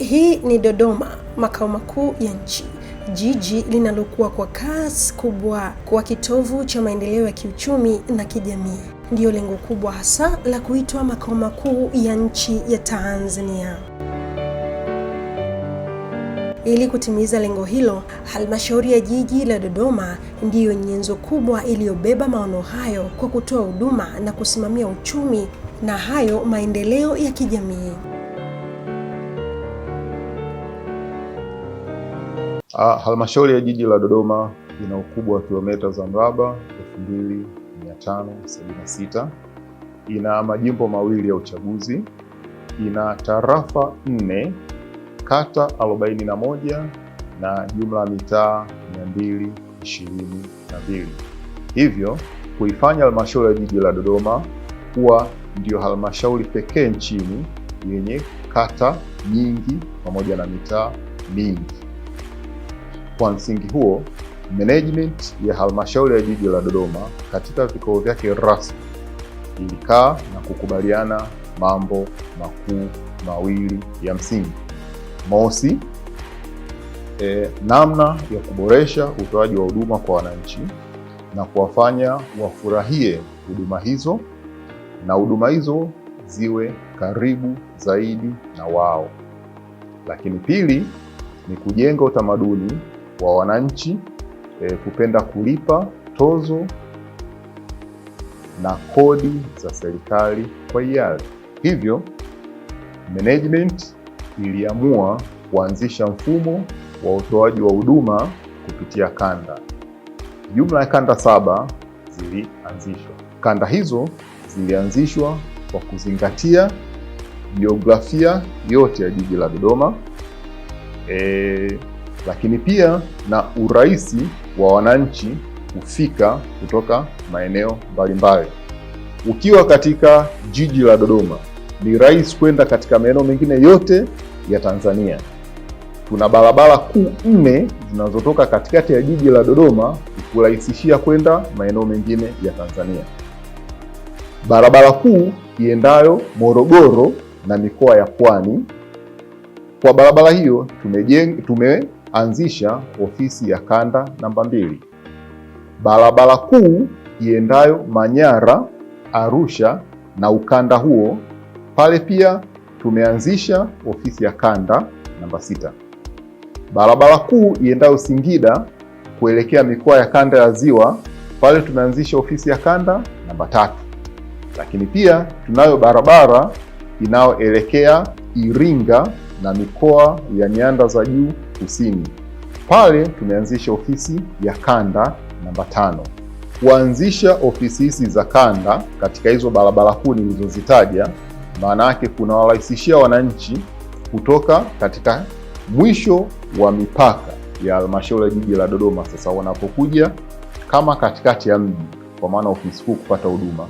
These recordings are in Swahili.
Hii ni Dodoma, makao makuu ya nchi, jiji linalokuwa kwa kasi kubwa kuwa kitovu cha maendeleo ya kiuchumi na kijamii. Ndiyo lengo kubwa hasa la kuitwa makao makuu ya nchi ya Tanzania. Ili kutimiza lengo hilo, halmashauri ya jiji la Dodoma ndiyo nyenzo kubwa iliyobeba maono hayo kwa kutoa huduma na kusimamia uchumi na hayo maendeleo ya kijamii. Ah, halmashauri ya jiji la Dodoma ina ukubwa wa kilomita za mraba 2576, ina majimbo mawili ya uchaguzi, ina tarafa nne, kata 41 na jumla ya mitaa 222. Hivyo kuifanya halmashauri ya jiji la Dodoma kuwa ndiyo halmashauri pekee nchini yenye kata nyingi pamoja na mitaa mingi. Kwa msingi huo, management ya halmashauri ya jiji la Dodoma katika vikao vyake rasmi ilikaa na kukubaliana mambo makuu mawili ya msingi. Mosi, e, namna ya kuboresha utoaji wa huduma kwa wananchi na kuwafanya wafurahie huduma hizo na huduma hizo ziwe karibu zaidi na wao. Lakini pili ni kujenga utamaduni wa wananchi e, kupenda kulipa tozo na kodi za serikali kwa hiari. Hivyo management iliamua kuanzisha mfumo wa utoaji wa huduma kupitia kanda. Jumla ya kanda saba zilianzishwa. Kanda hizo zilianzishwa kwa kuzingatia jiografia yote ya jiji la Dodoma e, lakini pia na urahisi wa wananchi kufika kutoka maeneo mbalimbali. Ukiwa katika jiji la Dodoma, ni rahisi kwenda katika maeneo mengine yote ya Tanzania. Tuna barabara kuu nne zinazotoka katikati ya jiji la Dodoma kurahisishia kwenda maeneo mengine ya Tanzania. Barabara kuu iendayo Morogoro na mikoa ya Pwani. Kwa barabara hiyo tumejenga tume anzisha ofisi ya kanda namba mbili barabara kuu iendayo Manyara, Arusha na ukanda huo. Pale pia tumeanzisha ofisi ya kanda namba sita barabara kuu iendayo Singida kuelekea mikoa ya kanda ya Ziwa. Pale tumeanzisha ofisi ya kanda namba tatu, lakini pia tunayo barabara inayoelekea Iringa na mikoa ya nyanda za juu Kusini. Pale tumeanzisha ofisi ya kanda namba tano. Kuanzisha ofisi hizi za kanda katika hizo barabara kuu nilizozitaja, maana yake kunawarahisishia wananchi kutoka katika mwisho wa mipaka ya halmashauri ya jiji la Dodoma, sasa wanapokuja kama katikati ya mji, kwa maana ofisi kuu kupata huduma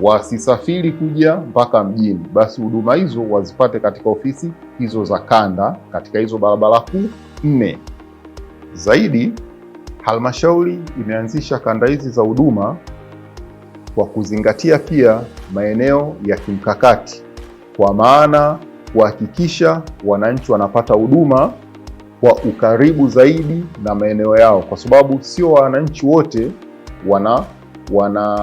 wasisafiri kuja mpaka mjini, basi huduma hizo wazipate katika ofisi hizo za kanda katika hizo barabara kuu nne. Zaidi, halmashauri imeanzisha kanda hizi za huduma kwa kuzingatia pia maeneo ya kimkakati, kwa maana kuhakikisha wananchi wanapata huduma kwa ukaribu zaidi na maeneo yao, kwa sababu sio wananchi wote wana wana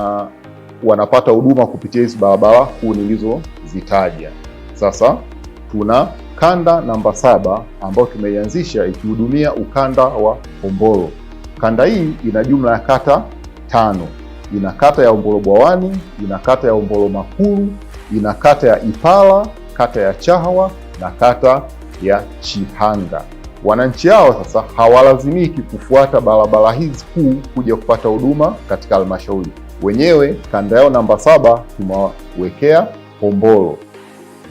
wanapata huduma kupitia hizi barabara kuu nilizozitaja. Sasa tuna kanda namba saba ambayo tumeianzisha ikihudumia ukanda wa Hombolo. Kanda hii ina jumla ya kata tano. Ina kata ya Hombolo Bwawani, ina kata ya Hombolo Makulu, ina kata ya Ipala, kata ya Chahwa na kata ya Chihanga. Wananchi hao sasa hawalazimiki kufuata barabara hizi kuu kuja kupata huduma katika halmashauri wenyewe kanda yao namba saba tumewekea Hombolo,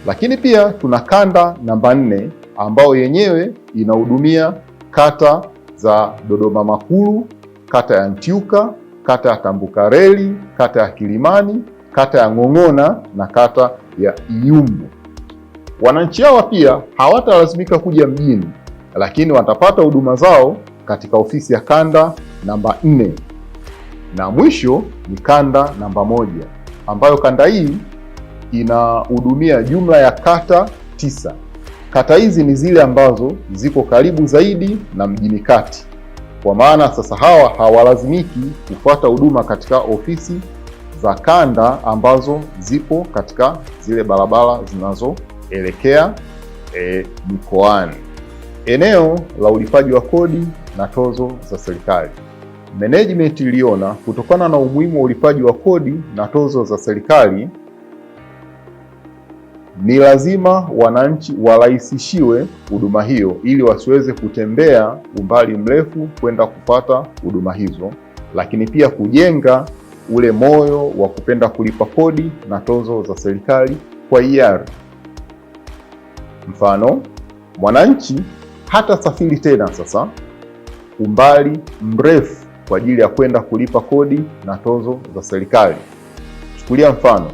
lakini pia tuna kanda namba nne ambayo yenyewe inahudumia kata za Dodoma Makulu, kata ya ntiuka kata ya Tambukareli, kata ya Kilimani, kata ya Ng'ong'ona na kata ya Iyumbu. Wananchi hawa pia hawatalazimika kuja mjini, lakini watapata huduma zao katika ofisi ya kanda namba nne na mwisho ni kanda namba moja ambayo kanda hii inahudumia jumla ya kata tisa. Kata hizi ni zile ambazo ziko karibu zaidi na mjini kati, kwa maana sasa hawa hawalazimiki kufuata huduma katika ofisi za kanda ambazo zipo katika zile barabara zinazoelekea e, mikoani. Eneo la ulipaji wa kodi na tozo za serikali. Management iliona kutokana na umuhimu wa ulipaji wa kodi na tozo za serikali, ni lazima wananchi warahisishiwe huduma hiyo ili wasiweze kutembea umbali mrefu kwenda kupata huduma hizo, lakini pia kujenga ule moyo wa kupenda kulipa kodi na tozo za serikali kwa hiari. Mfano, mwananchi hata safiri tena sasa umbali mrefu kwa ajili ya kwenda kulipa kodi na tozo za serikali. Chukulia mfano,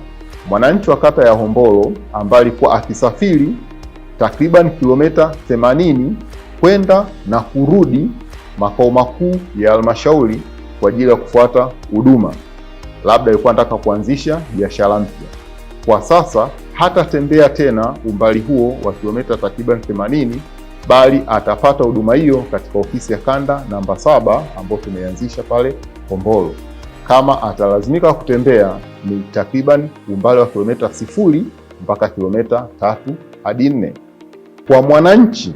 mwananchi wa kata ya Hombolo ambaye alikuwa akisafiri takriban kilomita 80 kwenda na kurudi makao makuu ya halmashauri kwa ajili ya kufuata huduma, labda alikuwa anataka kuanzisha biashara mpya. Kwa sasa hatatembea tena umbali huo wa kilomita takriban bali atapata huduma hiyo katika ofisi ya kanda namba saba ambayo tumeanzisha pale Hombolo. Kama atalazimika kutembea ni takriban umbali wa kilomita sifuri mpaka kilomita tatu hadi nne. Kwa mwananchi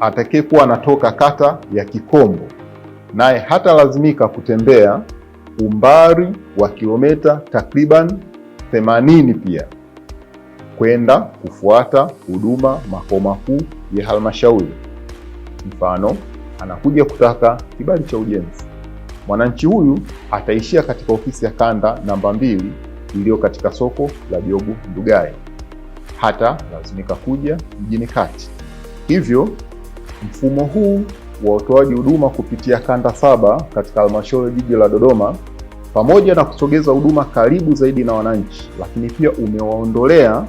atakayekuwa anatoka kata ya Kikombo, naye hatalazimika kutembea umbali wa kilomita takriban 80 pia kwenda kufuata huduma makao makuu ya halmashauri. Mfano, anakuja kutaka kibali cha ujenzi, mwananchi huyu ataishia katika ofisi ya kanda namba mbili iliyo katika soko la Jobu Ndugai, hata lazimika kuja mjini kati. Hivyo mfumo huu wa utoaji huduma kupitia kanda saba katika halmashauri jiji la Dodoma, pamoja na kusogeza huduma karibu zaidi na wananchi, lakini pia umewaondolea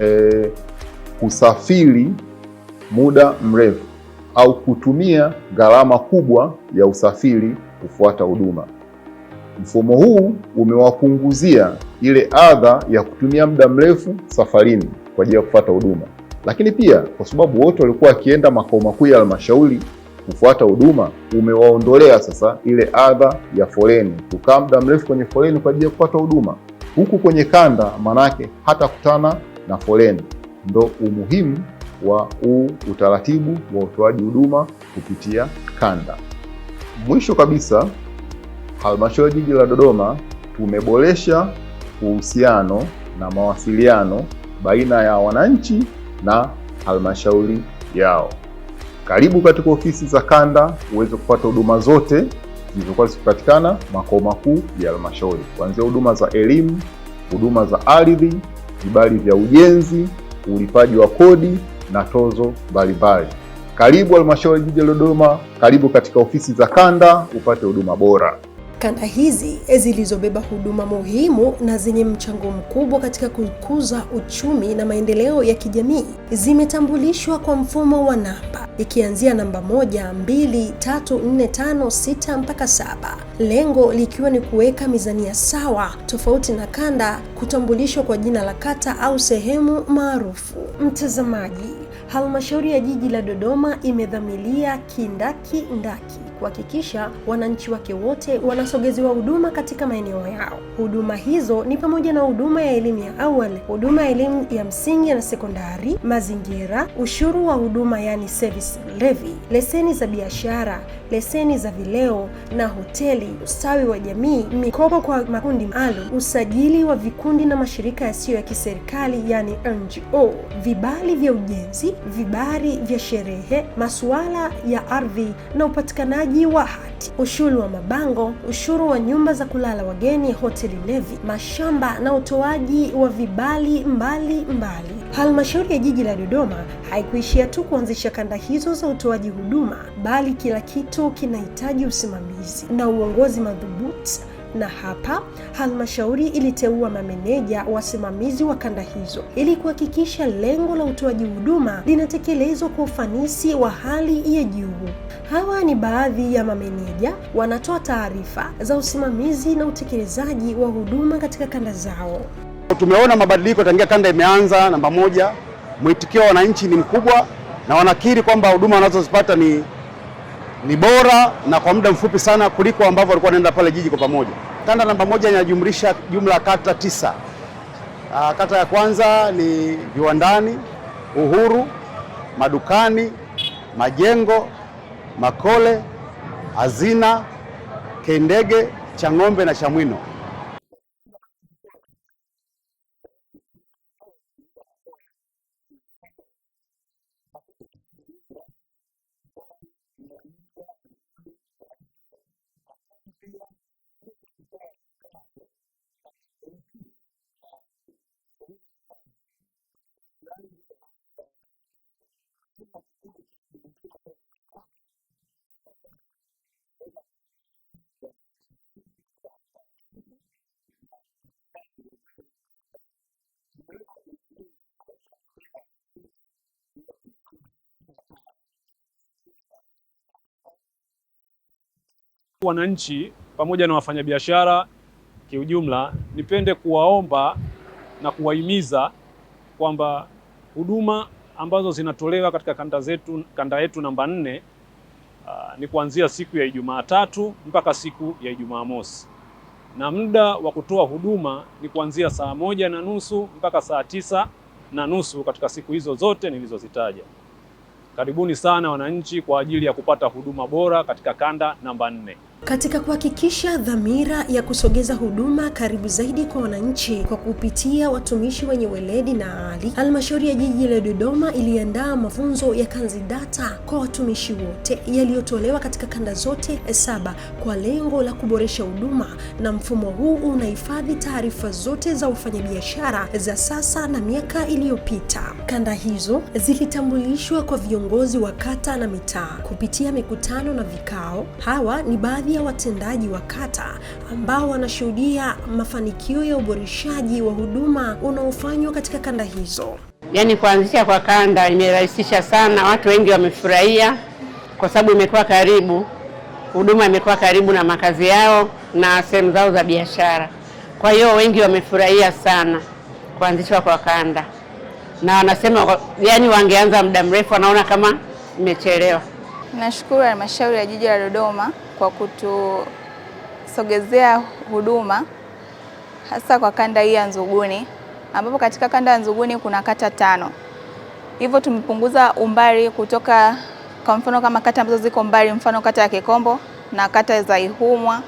eh, kusafiri muda mrefu au kutumia gharama kubwa ya usafiri kufuata huduma. Mfumo huu umewapunguzia ile adha ya kutumia muda mrefu safarini kwa ajili ya kufuata huduma, lakini pia kwa sababu wote walikuwa wakienda makao makuu ya halmashauri kufuata huduma, umewaondolea sasa ile adha ya foleni, kukaa muda mrefu kwenye foleni kwa ajili ya kupata huduma. Huku kwenye kanda, manake kutana na foleni, ndo umuhimu wa huu utaratibu wa utoaji huduma kupitia kanda. Mwisho kabisa, halmashauri ya jiji la Dodoma tumeboresha uhusiano na mawasiliano baina ya wananchi na halmashauri yao. Karibu katika ofisi za kanda uweze kupata huduma zote zilizokuwa zikipatikana makao makuu ya halmashauri, kuanzia huduma za elimu, huduma za ardhi vibali vya ujenzi, ulipaji wa kodi na tozo mbalimbali. Karibu halmashauri jiji la Dodoma, karibu katika ofisi za kanda upate huduma bora kanda hizi zilizobeba huduma muhimu na zenye mchango mkubwa katika kukuza uchumi na maendeleo ya kijamii zimetambulishwa kwa mfumo wa namba ikianzia namba moja, mbili, tatu, nne, tano, sita mpaka saba, lengo likiwa ni kuweka mizania sawa tofauti na kanda kutambulishwa kwa jina la kata au sehemu maarufu. Mtazamaji, Halmashauri ya Jiji la Dodoma imedhamilia kindakindaki kuhakikisha wananchi wake wote wanasogeziwa huduma katika maeneo yao. Huduma hizo ni pamoja na huduma ya elimu ya awali, huduma ya elimu ya msingi na sekondari, mazingira, ushuru wa huduma yani service levy, leseni za biashara, leseni za vileo na hoteli, ustawi wa jamii, mikopo kwa makundi maalum, usajili wa vikundi na mashirika yasiyo ya kiserikali yani NGO, vibali vya ujenzi vibali vya sherehe, masuala ya ardhi na upatikanaji wa hati, ushuru wa mabango, ushuru wa nyumba za kulala wageni, hoteli levi, mashamba na utoaji wa vibali mbali mbali. Halmashauri ya Jiji la Dodoma haikuishia tu kuanzisha kanda hizo za utoaji huduma, bali kila kitu kinahitaji usimamizi na uongozi madhubuti na hapa halmashauri iliteua mameneja wasimamizi wa kanda hizo ili kuhakikisha lengo la utoaji huduma linatekelezwa kwa ufanisi wa hali ya juu. Hawa ni baadhi ya mameneja wanatoa taarifa za usimamizi na utekelezaji wa huduma katika kanda zao. Tumeona mabadiliko tangia kanda imeanza. Namba moja, mwitikio wa wananchi ni mkubwa na wanakiri kwamba huduma wanazozipata ni ni bora na kwa muda mfupi sana kuliko ambavyo walikuwa wanaenda pale jiji kwa pamoja. Kanda namba moja inajumlisha jumla kata tisa. Aa, ah, kata ya kwanza ni Viwandani, Uhuru, Madukani, Majengo, Makole, Hazina, Kendege, Chang'ombe na Chamwino. Wananchi pamoja na wafanyabiashara kiujumla, nipende kuwaomba na kuwahimiza kwamba huduma ambazo zinatolewa katika kanda zetu, kanda yetu namba nne uh, ni kuanzia siku ya Ijumaa tatu mpaka siku ya Ijumaa mosi, na muda wa kutoa huduma ni kuanzia saa moja na nusu mpaka saa tisa na nusu katika siku hizo zote nilizozitaja. Karibuni sana wananchi kwa ajili ya kupata huduma bora katika kanda namba nne. Katika kuhakikisha dhamira ya kusogeza huduma karibu zaidi kwa wananchi kwa kupitia watumishi wenye weledi na ali, halmashauri ya jiji la Dodoma iliandaa mafunzo ya kanzidata kwa watumishi wote yaliyotolewa katika kanda zote saba kwa lengo la kuboresha huduma, na mfumo huu unahifadhi taarifa zote za wafanyabiashara za sasa na miaka iliyopita. Kanda hizo zilitambulishwa kwa viongozi wa kata na mitaa kupitia mikutano na vikao. Hawa ni baadhi ya watendaji wa kata ambao wanashuhudia mafanikio ya uboreshaji wa huduma unaofanywa katika kanda hizo. Yaani, kuanzisha kwa kanda imerahisisha sana, watu wengi wamefurahia kwa sababu imekuwa karibu, huduma imekuwa karibu na makazi yao na sehemu zao za biashara. Kwa hiyo wengi wamefurahia sana kuanzishwa kwa kanda, na wanasema yaani wangeanza muda mrefu, wanaona kama imechelewa. Nashukuru halmashauri ya jiji la Dodoma kwa kutusogezea huduma hasa kwa kanda hii ya Nzuguni, ambapo katika kanda ya Nzuguni kuna kata tano. Hivyo tumepunguza umbali kutoka kwa mfano kama kata ambazo ziko mbali, mfano kata ya Kikombo na kata za Ihumwa.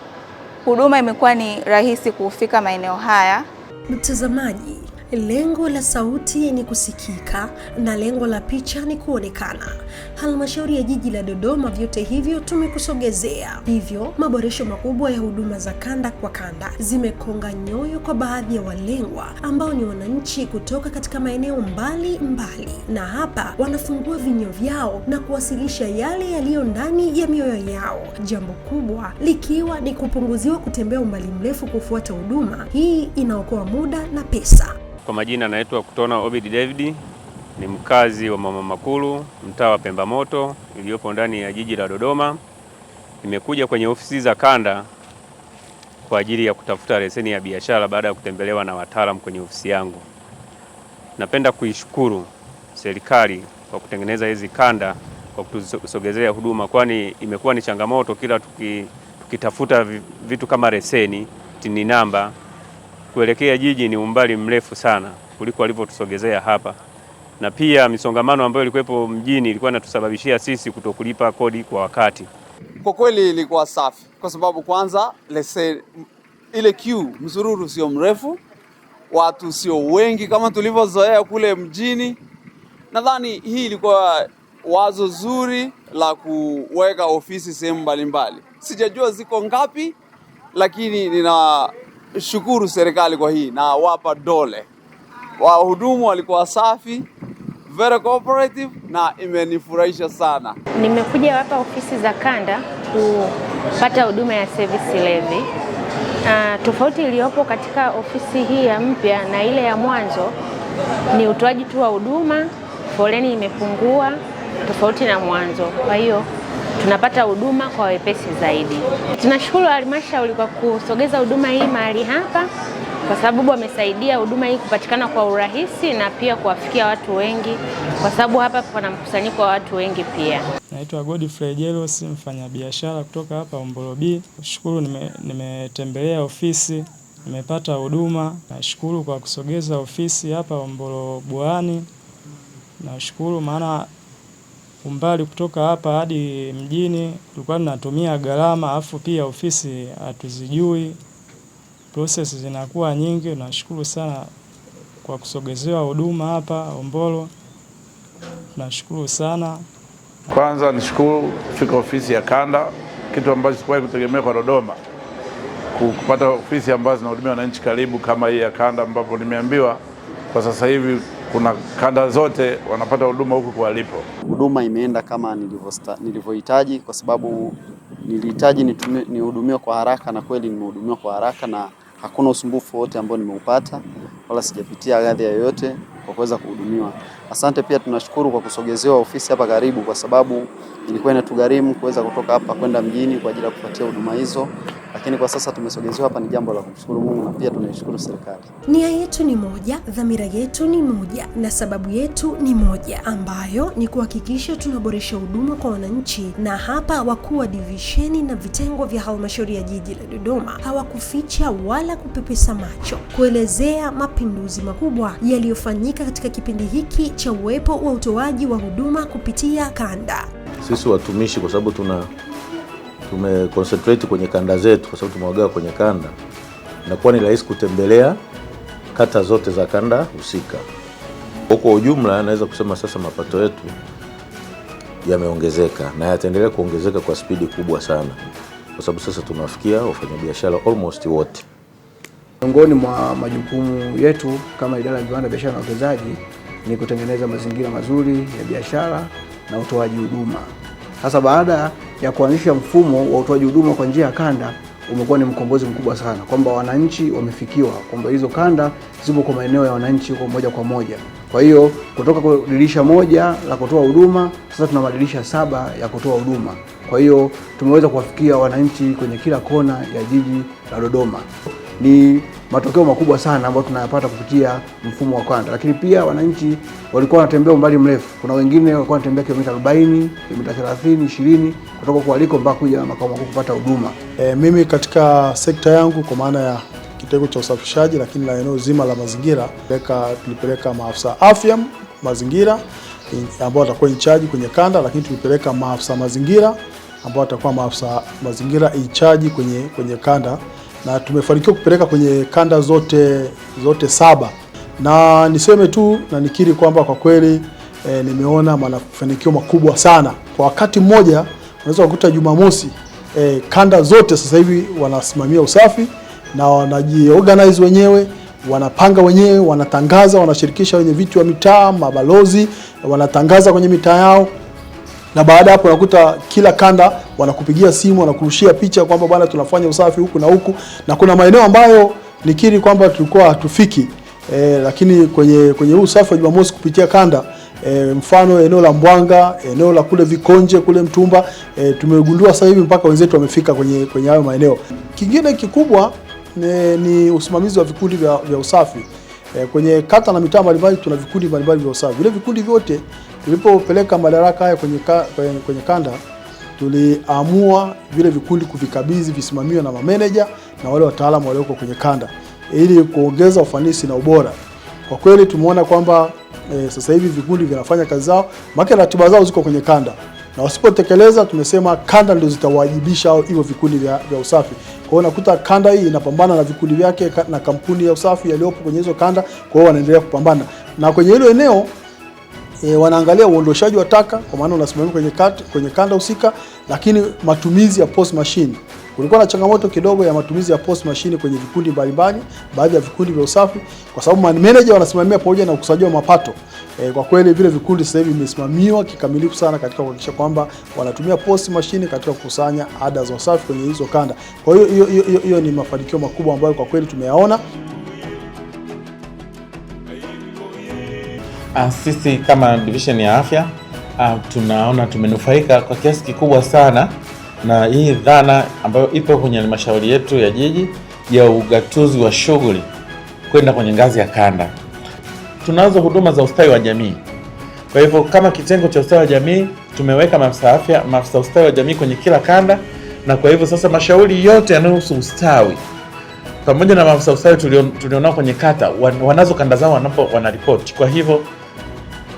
Huduma imekuwa ni rahisi kufika maeneo haya. Mtazamaji, Lengo la sauti ni kusikika na lengo la picha ni kuonekana. Halmashauri ya Jiji la Dodoma vyote hivyo tumekusogezea, hivyo maboresho makubwa ya huduma za kanda kwa kanda zimekonga nyoyo kwa baadhi ya walengwa ambao ni wananchi kutoka katika maeneo mbali mbali, na hapa wanafungua vinywa vyao na kuwasilisha yale yaliyo ndani ya mioyo yao, jambo kubwa likiwa ni kupunguziwa kutembea umbali mrefu kufuata huduma. Hii inaokoa muda na pesa. Kwa majina naitwa Kutona Obed David, ni mkazi wa Mama Makulu, mtaa wa Pemba Moto iliyopo ndani ya jiji la Dodoma. Nimekuja kwenye ofisi za kanda kwa ajili ya kutafuta leseni ya biashara baada ya kutembelewa na wataalamu kwenye ofisi yangu. Napenda kuishukuru serikali kwa kutengeneza hizi kanda kwa kutusogezea huduma, kwani imekuwa ni changamoto kila tuki, tukitafuta vitu kama leseni, tini namba kuelekea jiji ni umbali mrefu sana kuliko alivyotusogezea hapa, na pia misongamano ambayo ilikuwepo mjini ilikuwa inatusababishia sisi kutokulipa kodi kwa wakati. Kwa kweli ilikuwa safi, kwa sababu kwanza lese, ile queue msururu sio mrefu, watu sio wengi kama tulivyozoea kule mjini. Nadhani hii ilikuwa wazo zuri la kuweka ofisi sehemu mbalimbali. Sijajua ziko ngapi, lakini nina shukuru serikali kwa hii na wapa dole. Wahudumu walikuwa safi, very cooperative na imenifurahisha sana. Nimekuja hapa ofisi za kanda kupata huduma ya service levy. Uh, tofauti iliyopo katika ofisi hii ya mpya na ile ya mwanzo ni utoaji tu wa huduma, foleni imepungua tofauti na mwanzo, kwa hiyo tunapata huduma kwa wepesi zaidi. Tunashukuru halmashauri kwa kusogeza huduma hii mahali hapa, kwa sababu wamesaidia huduma hii kupatikana kwa urahisi na pia kuwafikia watu wengi, kwa sababu hapa pana mkusanyiko wa watu wengi. Pia naitwa Godfrey Jelos, mfanyabiashara kutoka hapa Hombolo B. Shukuru, nimetembelea nime ofisi nimepata huduma. Nashukuru kwa kusogeza ofisi hapa Hombolo Bwani, nashukuru maana umbali kutoka hapa hadi mjini tulikuwa tunatumia gharama, alafu pia ofisi hatuzijui, process zinakuwa nyingi. Nashukuru sana kwa kusogezewa huduma hapa Hombolo, nashukuru sana. Kwanza nishukuru kufika ofisi ya kanda, kitu ambacho sikuwahi kutegemea kwa Dodoma, kupata ofisi ambazo zinahudumia wananchi karibu kama hii ya kanda, ambapo nimeambiwa kwa sasa hivi kuna kanda zote wanapata huduma huku walipo. Huduma imeenda kama nilivyohitaji, kwa sababu nilihitaji nihudumiwe kwa haraka, na kweli nimehudumiwa kwa haraka, na hakuna usumbufu wote ambao nimeupata, wala sijapitia adha yoyote kwa kuweza kuhudumiwa. Asante pia tunashukuru kwa kusogezewa ofisi hapa karibu, kwa sababu ilikuwa inatugharimu kuweza kutoka hapa kwenda mjini kwa ajili ya kupatia huduma hizo, lakini kwa sasa tumesogezewa hapa, ni jambo la kumshukuru Mungu na pia tunaishukuru serikali. Nia yetu ni moja, dhamira yetu ni moja, na sababu yetu ni moja, ambayo ni kuhakikisha tunaboresha huduma kwa wananchi. Na hapa wakuu wa divisheni na vitengo vya halmashauri ya jiji la Dodoma hawakuficha wala kupepesa macho kuelezea mapinduzi makubwa yaliyofanyika katika kipindi hiki cha uwepo wa utoaji wa huduma kupitia kanda sisi watumishi, kwa sababu tuna tume concentrate kwenye kanda zetu, kwa sababu tumewagawa kwenye kanda, inakuwa ni rahisi kutembelea kata zote za kanda husika. Kwa ujumla, naweza kusema sasa mapato yetu yameongezeka na yataendelea kuongezeka kwa spidi kubwa sana, kwa sababu sasa tunawafikia wafanyabiashara almost wote. Miongoni mwa majukumu yetu kama idara ya viwanda, biashara na uwekezaji ni kutengeneza mazingira mazuri ya biashara na utoaji huduma. Sasa baada ya kuanzisha mfumo wa utoaji huduma kwa njia ya kanda umekuwa ni mkombozi mkubwa sana, kwamba wananchi wamefikiwa, kwamba hizo kanda zipo kwa maeneo ya wananchi huko moja kwa moja. Kwa hiyo kutoka kwa dirisha moja la kutoa huduma, sasa tuna madirisha saba ya kutoa huduma. Kwa hiyo tumeweza kuwafikia wananchi kwenye kila kona ya jiji la Dodoma ni matokeo makubwa sana ambayo tunayapata kupitia mfumo wa kanda. Lakini pia wananchi walikuwa wanatembea umbali mrefu, kuna wengine walikuwa wanatembea kilomita 40, kilomita 30, 20 kutoka kwa mpaka kuja makao makuu kupata huduma. E, mimi katika sekta yangu kwa maana ya kitengo cha usafishaji, lakini la eneo zima la mazingira, tulipeleka maafisa afya mazingira ambao watakuwa in charge kwenye kanda, lakini tulipeleka maafisa mazingira ambao watakuwa maafisa mazingira in charge kwenye, kwenye kanda na tumefanikiwa kupeleka kwenye kanda zote, zote saba na niseme tu na nikiri kwamba kwa kweli e, nimeona mafanikio makubwa sana kwa wakati mmoja. Unaweza kukuta Jumamosi e, kanda zote sasa hivi wanasimamia usafi na wanajiorganize wenyewe, wanapanga wenyewe, wanatangaza, wanashirikisha wenye viti wa mitaa, mabalozi wanatangaza kwenye mitaa yao na baada hapo unakuta kila kanda wanakupigia simu, wanakurushia picha kwamba bwana, tunafanya usafi huku na huku, na kuna maeneo ambayo nikiri kwamba tulikuwa hatufiki e, lakini kwenye kwenye huu usafi wa Jumamosi kupitia kanda e, mfano eneo la Mbwanga, eneo la kule Vikonje kule Mtumba e, tumegundua sasa hivi mpaka wenzetu wamefika kwenye kwenye hayo maeneo. Kingine kikubwa ni, ni usimamizi wa vikundi vya, vya usafi e, kwenye kata na mitaa mbalimbali tuna vikundi mbalimbali vya usafi. Vile vikundi vyote Tulipopeleka madaraka haya kwenye, ka, kwenye kanda tuliamua vile vikundi kuvikabidhi visimamiwe na mameneja na wale wataalamu walioko kwenye kanda ili kuongeza ufanisi na ubora. Kwa kweli tumeona kwamba e, sasa hivi vikundi vinafanya kazi zao, maana ratiba zao ziko kwenye kanda, na wasipotekeleza tumesema kanda ndio zitawajibisha hivyo vikundi vya, vya usafi. Kwa hiyo nakuta kanda hii inapambana na vikundi vyake na kampuni ya usafi yaliyopo kwenye hizo kanda, kwa hiyo wanaendelea kupambana na kwenye hilo eneo e, wanaangalia uondoshaji wa taka kwa maana unasimamia kwenye, kwenye kanda husika, lakini matumizi ya post machine kulikuwa na changamoto kidogo ya matumizi ya post machine kwenye vikundi mbalimbali, baadhi ya vikundi vya usafi, kwa sababu manager wanasimamia pamoja na ukusanyaji wa mapato e, kwa kweli vile vikundi sasa hivi vimesimamiwa kikamilifu sana katika kuhakikisha kwamba wanatumia post machine katika kukusanya ada za usafi kwenye hizo kanda. Kwa hiyo hiyo ni mafanikio makubwa ambayo kwa kweli tumeyaona. uh, sisi kama division ya afya uh, tunaona tumenufaika kwa kiasi kikubwa sana na hii dhana ambayo ipo kwenye halmashauri yetu ya jiji ya ugatuzi wa shughuli kwenda kwenye ngazi ya kanda. Tunazo huduma za ustawi wa jamii. Kwa hivyo kama kitengo cha ustawi wa jamii tumeweka maafisa afya, maafisa ustawi wa jamii kwenye kila kanda, na kwa hivyo sasa mashauri yote yanayohusu ustawi pamoja na maafisa ustawi tulionao kwenye kata wanazo kanda zao wanapo wanaripoti. Kwa hivyo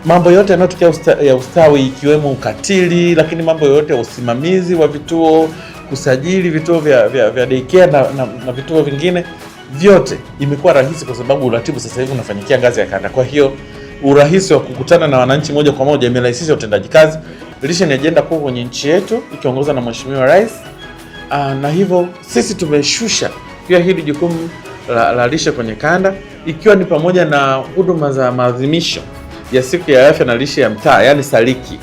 mambo yote yanayotokea ya ustawi ikiwemo ukatili, lakini mambo yote ya usimamizi wa vituo, kusajili vituo vya, vya, vya daycare na, na, na vituo vingine vyote imekuwa rahisi kwa sababu uratibu sasa hivi unafanyikia ngazi ya kanda. Kwa hiyo urahisi wa kukutana na wananchi moja kwa moja imerahisisha utendaji kazi. Lishe ni ajenda kuu kwenye nchi yetu ikiongozwa na Mheshimiwa Rais, ah, na hivyo sisi tumeshusha pia hili jukumu la, la lishe kwenye kanda ikiwa ni pamoja na huduma za maadhimisho ya siku ya afya na lishe ya mtaa, yani Saliki.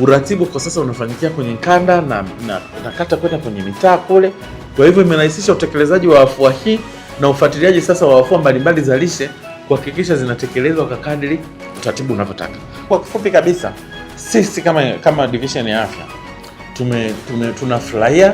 Uratibu kwa sasa unafanyikia kwenye kanda na, na, na kata kwenda kwenye mitaa kule. Kwa hivyo imerahisisha utekelezaji wa afua hii na ufuatiliaji sasa wa afua mbalimbali za lishe kuhakikisha zinatekelezwa kwa kadiri utaratibu unavyotaka. Kwa kifupi kabisa, sisi kama kama division ya afya tume, tume tunafurahia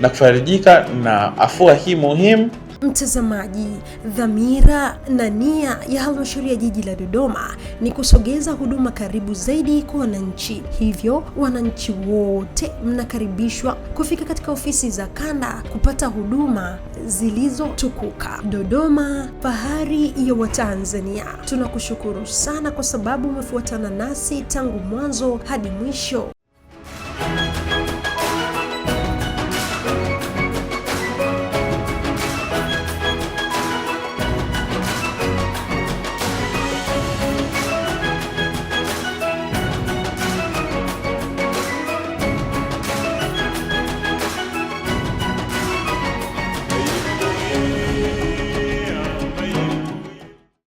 na kufarijika na afua hii muhimu Mtazamaji, dhamira na nia ya halmashauri ya jiji la Dodoma ni kusogeza huduma karibu zaidi kwa wananchi, hivyo wananchi wote mnakaribishwa kufika katika ofisi za kanda kupata huduma zilizotukuka. Dodoma, fahari ya Watanzania. Tunakushukuru sana kwa sababu umefuatana nasi tangu mwanzo hadi mwisho.